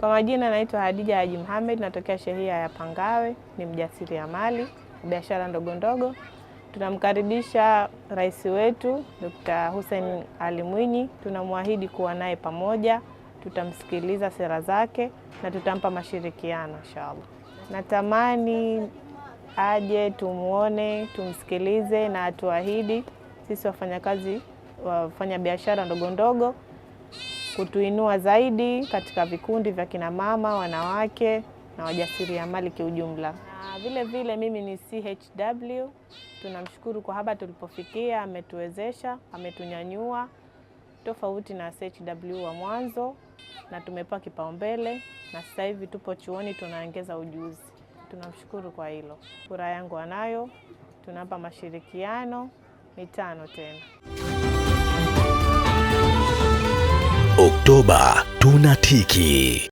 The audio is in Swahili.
Kwa majina naitwa Hadija Haji Muhamed, natokea shehia ya Pangawe, ni mjasiriamali biashara ndogo ndogo. Tunamkaribisha rais wetu Dr. Hussein Ali Mwinyi, tunamwahidi kuwa naye pamoja, tutamsikiliza sera zake na tutampa mashirikiano inshallah. Natamani aje tumwone, tumsikilize na atuahidi sisi wafanyakazi, wafanya biashara ndogo ndogo kutuinua zaidi katika vikundi vya kinamama, wanawake na wajasiriamali kiujumla. Na vile vile mimi ni CHW, tunamshukuru kwa hapa tulipofikia, ametuwezesha, ametunyanyua tofauti na CHW wa mwanzo, na tumepewa kipaumbele na sasa hivi tupo chuoni tunaongeza ujuzi. Tunamshukuru kwa hilo. Kura yangu anayo, tunampa mashirikiano mitano tena. Oktoba tunatiki.